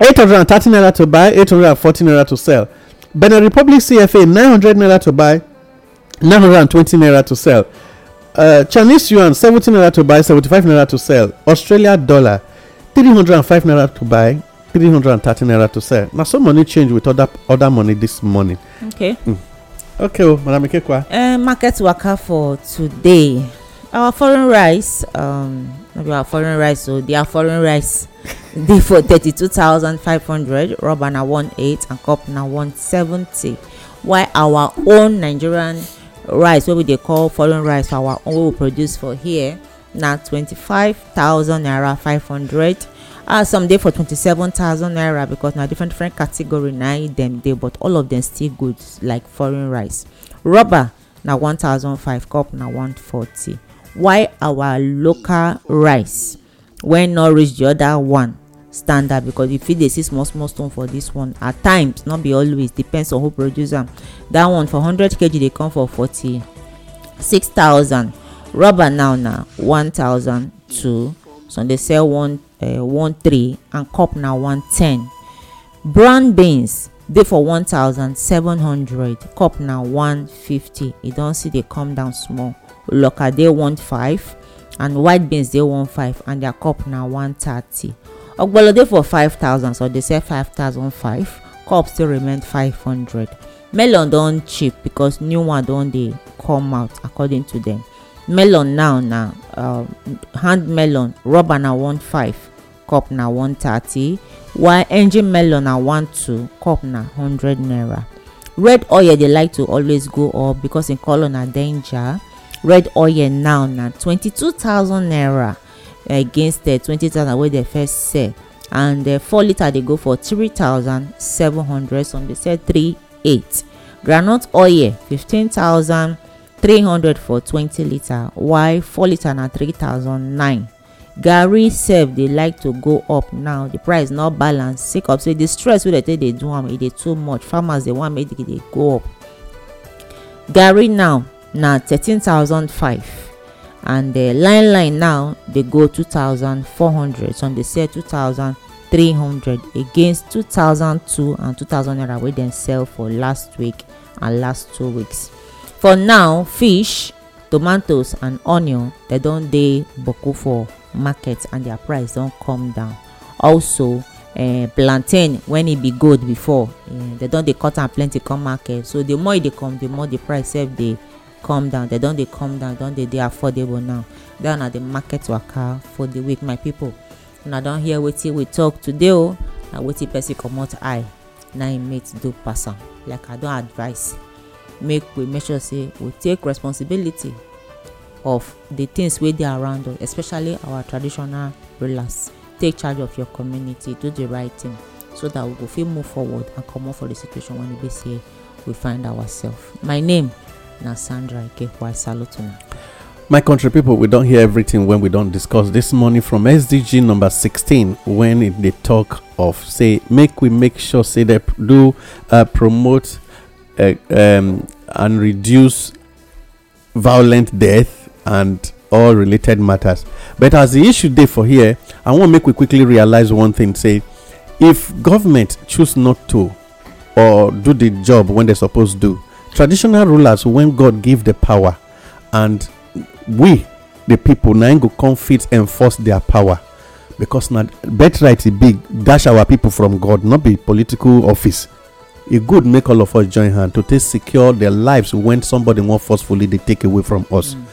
Eight hundred 830 naira to buy eight hundred 840 naira to sell benin republic cfa nine hundred naira to buy nine hundred twenty naira to sell uh, chinese yuan 70 naira to buy seventy-five naira to sell australia dollar hundred and five naira to buy hundred 330 naira to sell na so money change with other other money this morning okay mm. okay oh, madam ikekwa uh, market waka for today our foreign rice um, our foreign rice so oh, their foreign rice d for thirty-two thousand five hundred rubber na one eight and cup na one seventy while our own nigerian rice wey we dey call foreign rice our own wey we produce for here na twenty-five thousand naira five hundred ah some dey for twenty-seven thousand naira because na different different category na dem dey but all of dem still good like foreign rice rubber na one thousand five cup na one forty while our local rice when not reach the other one standard because you fit dey see small small stone for this one at times no be always depends on who produce am that one for hundred kg dey come for forty-six thousand rubber now na one thousand two some dey sell one uh, one three and cup na one ten brown beans dey for one thousand seven hundred cup na one fifty e don see dey come down small oloka one five and white beans dey one five and their cup na one thirty ogbolo dey for five thousand so they sell five thousand five cup still remain five hundred melon don cheap because new one don dey come out according to them. melon now na uh, hand melon rubber na one five cup na one thirty while engine melon na one two cup na hundred naira red oil dey like to always go up because im colour na danger red oil now na twenty-two thousand naira against the twenty thousand wey dem first sell and uh, four litre dey go for three thousand seven hundred some dey sell three eight groundnut oil fifteen thousand three hundred for twenty litre while four litre na three thousand nine garri sef dey like to go up now the price no balance sake of say the stress wey dem take dey do am e dey too much farmers dey wan make e dey go up garri now na five, and the line line now dey go two thousand four 2400 some dey sell hundred against two thousand two and two thousand. naira wey dem sell for last week and last two weeks for now fish tomatoes and onion dem don dey boku for market and their price don come down also uh, plantain when e be gold before uh, eh, dem don dey cut am plenty come market so the more e dey come the more the price sef dey come down They don dey come down don dey dey affordable now that na the market waka for the week my people una don hear wetin we talk today o oh. na wetin person comot eye na im mate do pass am like i don advise make we make sure say we take responsibility of the things wey dey around us especially our traditional rulers take charge of your community do the right thing so that we go fit move forward and comot for the situation wey we be say we find ourselves my name Now, Sandra Ikehua, salute My country people, we don't hear everything when we don't discuss this morning from SDG number sixteen, when it, they talk of say make we make sure say they do uh, promote uh, um, and reduce violent death and all related matters. But as the issue day for here, I want make we quickly realize one thing: say, if government choose not to or do the job when they're supposed do. traditional rulers when god gave the power and we the people now go come fit enforce their power because not birthright e big dash our people from god not be political office It good make all of us join hand to take secure their lives when somebody more forcefully they take away from us mm.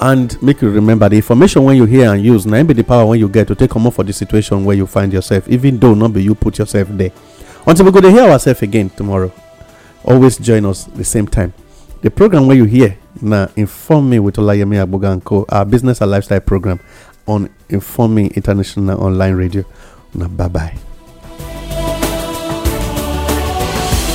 and make you remember the information when you hear and use Now be the power when you get to take comot for the situation where you find yourself even though not be you put yourself there until we go to hear ourselves again tomorrow always join us the same time the program where you hear now inform me with olayemi Abuganko, our business and lifestyle program on Informing international online radio now bye bye